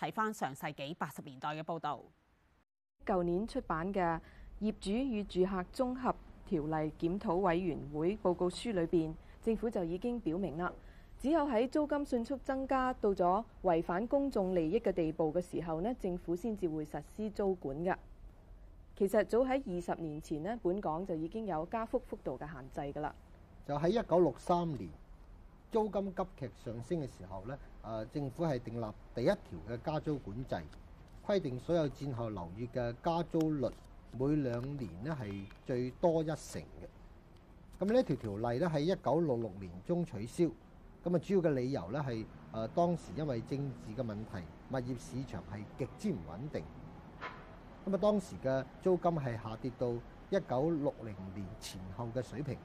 睇翻上世紀八十年代嘅報導，舊年出版嘅《業主與住客綜合條例檢討委員會報告書》裏面，政府就已經表明啦，只有喺租金迅速增加到咗違反公眾利益嘅地步嘅時候呢，政府先至會實施租管㗎。其實早喺二十年前呢，本港就已經有加幅幅度嘅限制噶啦，就喺一九六三年。租金急劇上升嘅時候咧，誒政府係訂立第一條嘅加租管制，規定所有戰後樓宇嘅加租率每兩年咧係最多一成嘅。咁呢一條條例咧喺一九六六年中取消，咁啊主要嘅理由咧係誒當時因為政治嘅問題，物業市場係極之唔穩定。咁啊當時嘅租金係下跌到一九六零年前後嘅水平。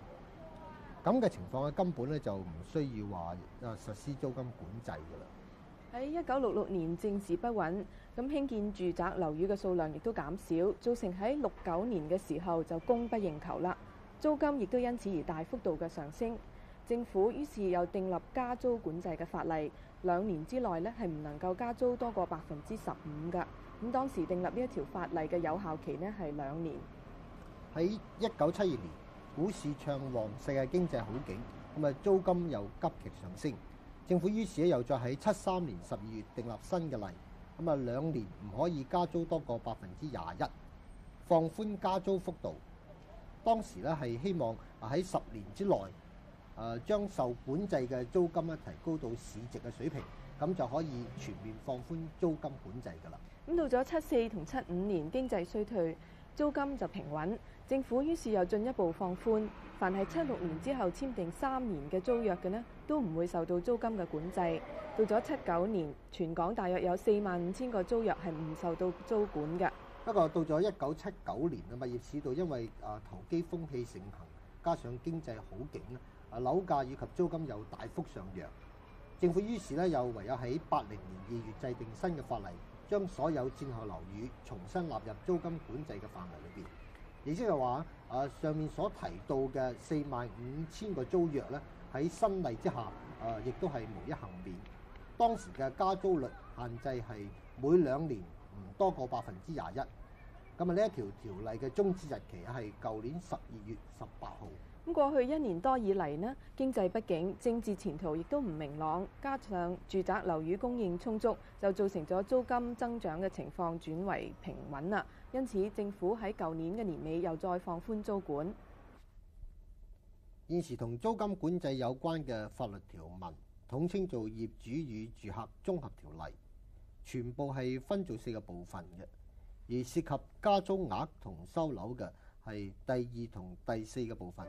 咁嘅情況咧，根本咧就唔需要話啊實施租金管制噶啦。喺一九六六年，政事不穩，咁興建住宅樓宇嘅數量亦都減少，造成喺六九年嘅時候就供不應求啦，租金亦都因此而大幅度嘅上升。政府於是又訂立加租管制嘅法例，兩年之內呢係唔能夠加租多過百分之十五噶。咁當時訂立呢一條法例嘅有效期呢係兩年。喺一九七二年，股市暢旺，世界經濟好景，咁啊租金又急劇上升。政府於是又再喺七三年十二月訂立新嘅例，咁啊兩年唔可以加租多過百分之廿一，放寬加租幅度。當時咧係希望喺十年之內，誒將受管制嘅租金咧提高到市值嘅水平，咁就可以全面放寬租金管制㗎啦。咁到咗七四同七五年經濟衰退。租金就平穩，政府於是又進一步放寬，凡係七六年之後簽訂三年嘅租約嘅呢，都唔會受到租金嘅管制。到咗七九年，全港大約有四萬五千個租約係唔受到租管嘅。不過到咗一九七九年嘅物業市道，因為啊投機風氣盛行，加上經濟好景咧，樓價以及租金又大幅上揚，政府於是呢又唯有喺八零年二月制定新嘅法例。將所有戰後樓宇重新納入租金管制嘅範圍裏面，意思就話啊，上面所提到嘅四萬五千個租約咧，喺新例之下啊，亦都係無一幸免。當時嘅加租率限制係每兩年唔多過百分之廿一。咁啊！呢一條條例嘅終止日期係舊年十二月十八號。咁過去一年多以嚟呢，經濟不景，政治前途亦都唔明朗，加上住宅樓宇供應充足，就造成咗租金增長嘅情況轉為平穩啦。因此，政府喺舊年嘅年尾又再放寬租管。現時同租金管制有關嘅法律條文，統稱做業主與住客綜合條例，全部係分做四個部分嘅。而涉及加租額同收樓嘅係第二同第四嘅部分。